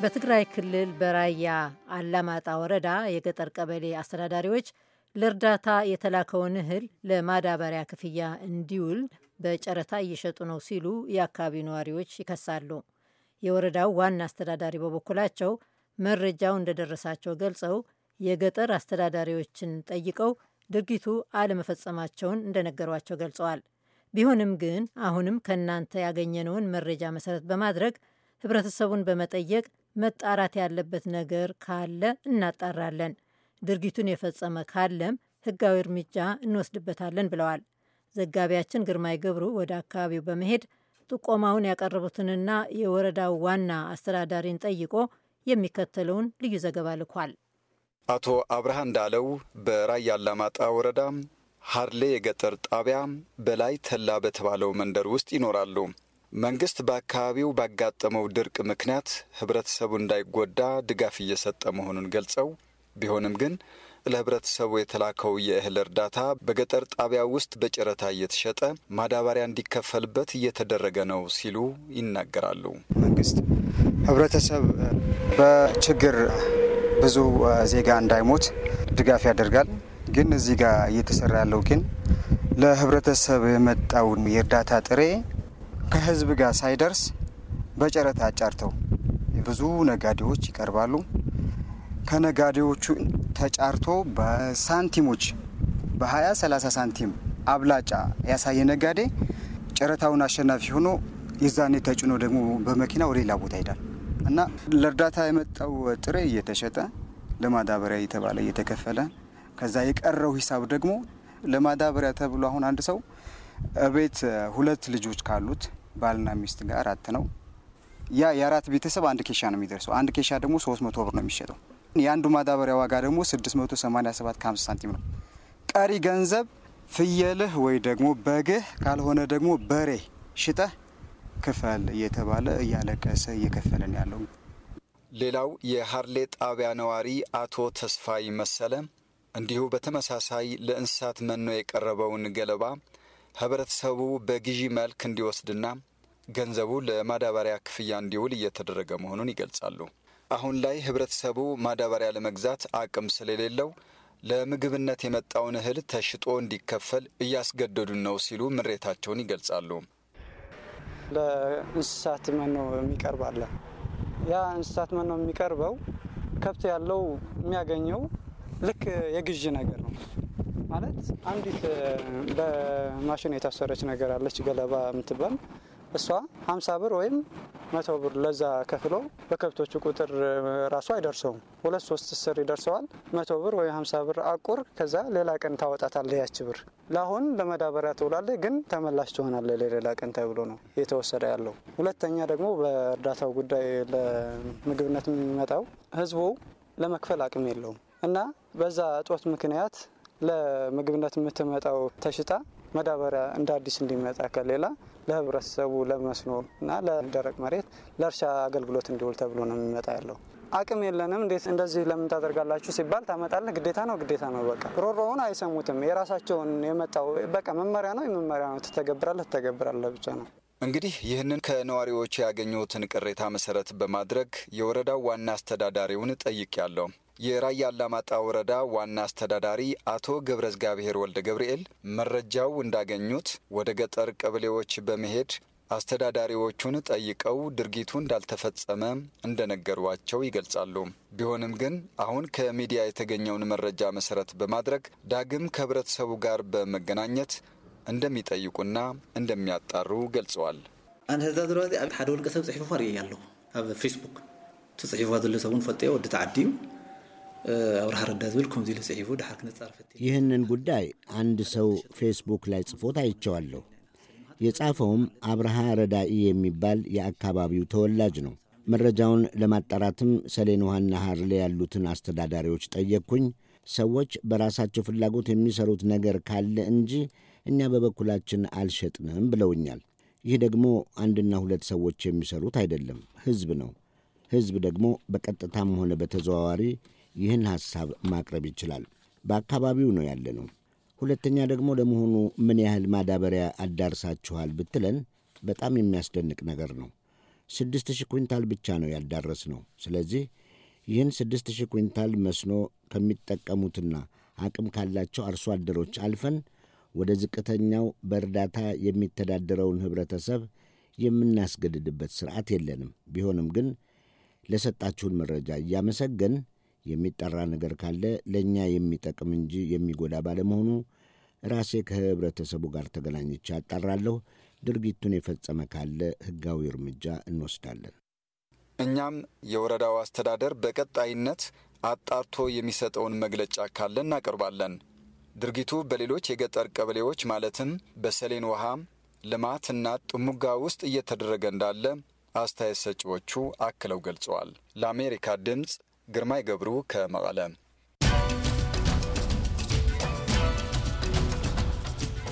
በትግራይ ክልል በራያ አላማጣ ወረዳ የገጠር ቀበሌ አስተዳዳሪዎች ለእርዳታ የተላከውን እህል ለማዳበሪያ ክፍያ እንዲውል በጨረታ እየሸጡ ነው ሲሉ የአካባቢው ነዋሪዎች ይከሳሉ። የወረዳው ዋና አስተዳዳሪ በበኩላቸው መረጃው እንደደረሳቸው ገልጸው የገጠር አስተዳዳሪዎችን ጠይቀው ድርጊቱ አለመፈጸማቸውን እንደነገሯቸው ገልጸዋል። ቢሆንም ግን አሁንም ከእናንተ ያገኘነውን መረጃ መሰረት በማድረግ ህብረተሰቡን በመጠየቅ መጣራት ያለበት ነገር ካለ እናጣራለን፣ ድርጊቱን የፈጸመ ካለም ህጋዊ እርምጃ እንወስድበታለን ብለዋል። ዘጋቢያችን ግርማይ ገብሩ ወደ አካባቢው በመሄድ ጥቆማውን ያቀረቡትንና የወረዳው ዋና አስተዳዳሪን ጠይቆ የሚከተለውን ልዩ ዘገባ ልኳል። አቶ አብርሃ እንዳለው በራያ አላማጣ ወረዳ ሀርሌ የገጠር ጣቢያ በላይ ተላ በተባለው መንደር ውስጥ ይኖራሉ። መንግስት በአካባቢው ባጋጠመው ድርቅ ምክንያት ህብረተሰቡ እንዳይጎዳ ድጋፍ እየሰጠ መሆኑን ገልጸው ቢሆንም ግን ለህብረተሰቡ የተላከው የእህል እርዳታ በገጠር ጣቢያ ውስጥ በጨረታ እየተሸጠ ማዳበሪያ እንዲከፈልበት እየተደረገ ነው ሲሉ ይናገራሉ። መንግስት ህብረተሰብ በችግር ብዙ ዜጋ እንዳይሞት ድጋፍ ያደርጋል። ግን እዚህ ጋር እየተሰራ ያለው ግን ለህብረተሰብ የመጣውን የእርዳታ ጥሬ ከህዝብ ጋር ሳይደርስ በጨረታ አጫርተው ብዙ ነጋዴዎች ይቀርባሉ። ከነጋዴዎቹ ተጫርቶ በሳንቲሞች በ20 30 ሳንቲም አብላጫ ያሳየ ነጋዴ ጨረታውን አሸናፊ ሆኖ የዛኔ ተጭኖ ደግሞ በመኪና ወደ ሌላ ቦታ ይሄዳል እና ለእርዳታ የመጣው ጥሬ እየተሸጠ ለማዳበሪያ እየተባለ እየተከፈለ ከዛ የቀረው ሂሳብ ደግሞ ለማዳበሪያ ተብሎ አሁን አንድ ሰው እቤት ሁለት ልጆች ካሉት ባልና ሚስት ጋር አራት ነው። ያ የአራት ቤተሰብ አንድ ኬሻ ነው የሚደርሰው። አንድ ኬሻ ደግሞ 300 ብር ነው የሚሸጠው። የአንዱ ማዳበሪያ ዋጋ ደግሞ 687 ከ50 ሳንቲም ነው። ቀሪ ገንዘብ ፍየልህ ወይ ደግሞ በግህ ካልሆነ ደግሞ በሬ ሽጠህ ክፈል እየተባለ እያለቀሰ እየከፈለን ያለው። ሌላው የሀርሌ ጣቢያ ነዋሪ አቶ ተስፋይ መሰለ እንዲሁ በተመሳሳይ ለእንስሳት መኖ የቀረበውን ገለባ ህብረተሰቡ በግዢ መልክ እንዲወስድና ገንዘቡ ለማዳበሪያ ክፍያ እንዲውል እየተደረገ መሆኑን ይገልጻሉ። አሁን ላይ ህብረተሰቡ ማዳበሪያ ለመግዛት አቅም ስለሌለው ለምግብነት የመጣውን እህል ተሽጦ እንዲከፈል እያስገደዱን ነው ሲሉ ምሬታቸውን ይገልጻሉ። ለእንስሳት መኖ የሚቀርብ አለ። ያ እንስሳት መኖ የሚቀርበው ከብት ያለው የሚያገኘው ልክ የግዢ ነገር ነው። ማለት አንዲት በማሽን የታሰረች ነገር አለች ገለባ የምትባል እሷ ሀምሳ ብር ወይም መቶ ብር ለዛ ከፍሎ በከብቶቹ ቁጥር ራሱ አይደርሰውም። ሁለት ሶስት ስር ይደርሰዋል። መቶ ብር ወይም ሀምሳ ብር አቁር፣ ከዛ ሌላ ቀን ታወጣታለ። ያች ብር ለአሁን ለመዳበሪያ ትውላለ ግን ተመላሽ ትሆናለ ለሌላ ቀን ተብሎ ነው የተወሰደ ያለው። ሁለተኛ ደግሞ በእርዳታው ጉዳይ ለምግብነት የሚመጣው ህዝቡ ለመክፈል አቅም የለውም እና በዛ እጦት ምክንያት ለምግብነት የምትመጣው ተሽጣ መዳበሪያ እንደ አዲስ እንዲመጣ ከሌላ ለህብረተሰቡ ለመስኖ እና ለደረቅ መሬት ለእርሻ አገልግሎት እንዲውል ተብሎ ነው የሚመጣ ያለው። አቅም የለንም እንዴት እንደዚህ ለምን ታደርጋላችሁ ሲባል ታመጣለህ፣ ግዴታ ነው ግዴታ ነው በቃ። ሮሮውን አይሰሙትም። የራሳቸውን የመጣው በቃ መመሪያ ነው መመሪያ ነው፣ ትተገብራለህ ትተገብራለህ ብቻ ነው። እንግዲህ ይህንን ከነዋሪዎች ያገኘሁትን ቅሬታ መሰረት በማድረግ የወረዳው ዋና አስተዳዳሪውን ያለው። የራያ አላማጣ ወረዳ ዋና አስተዳዳሪ አቶ ገብረ እግዚአብሔር ወልደ ገብርኤል መረጃው እንዳገኙት ወደ ገጠር ቀበሌዎች በመሄድ አስተዳዳሪዎቹን ጠይቀው ድርጊቱ እንዳልተፈጸመ እንደነገሯቸው ይገልጻሉ። ቢሆንም ግን አሁን ከሚዲያ የተገኘውን መረጃ መሰረት በማድረግ ዳግም ከህብረተሰቡ ጋር በመገናኘት እንደሚጠይቁና እንደሚያጣሩ ገልጸዋል። ህዛ ሓደ ወልቀ ሰብ ፅሒፉ ኣርእየ ኣለኹ ኣብ ፌስቡክ ተፅሒፉ ዘሎ ሰብ እውን ወዲ ተዓዲ እዩ ይህንን ጉዳይ አንድ ሰው ፌስቡክ ላይ ጽፎት አይቸዋለሁ። የጻፈውም አብርሃ ረዳኢ የሚባል የአካባቢው ተወላጅ ነው። መረጃውን ለማጣራትም ሰሌን ውሃና ሐርሌ ያሉትን አስተዳዳሪዎች ጠየቅኩኝ። ሰዎች በራሳቸው ፍላጎት የሚሰሩት ነገር ካለ እንጂ እኛ በበኩላችን አልሸጥንም ብለውኛል። ይህ ደግሞ አንድና ሁለት ሰዎች የሚሰሩት አይደለም፣ ሕዝብ ነው። ሕዝብ ደግሞ በቀጥታም ሆነ በተዘዋዋሪ ይህን ሐሳብ ማቅረብ ይችላል። በአካባቢው ነው ያለ ነው። ሁለተኛ ደግሞ ለመሆኑ ምን ያህል ማዳበሪያ አዳርሳችኋል ብትለን በጣም የሚያስደንቅ ነገር ነው። ስድስት ሺህ ኩንታል ብቻ ነው ያዳረስ ነው። ስለዚህ ይህን ስድስት ሺህ ኩንታል መስኖ ከሚጠቀሙትና አቅም ካላቸው አርሶ አደሮች አልፈን ወደ ዝቅተኛው በእርዳታ የሚተዳደረውን ኅብረተሰብ የምናስገድድበት ሥርዓት የለንም። ቢሆንም ግን ለሰጣችሁን መረጃ እያመሰገን የሚጠራ ነገር ካለ ለእኛ የሚጠቅም እንጂ የሚጎዳ ባለመሆኑ ራሴ ከህብረተሰቡ ጋር ተገናኝቼ አጣራለሁ። ድርጊቱን የፈጸመ ካለ ህጋዊ እርምጃ እንወስዳለን። እኛም የወረዳው አስተዳደር በቀጣይነት አጣርቶ የሚሰጠውን መግለጫ ካለ እናቀርባለን። ድርጊቱ በሌሎች የገጠር ቀበሌዎች ማለትም በሰሌን ውሃ ልማትና ጥሙጋ ውስጥ እየተደረገ እንዳለ አስተያየት ሰጪዎቹ አክለው ገልጸዋል። ለአሜሪካ ድምፅ ግርማይ ገብሩ ከመቐለ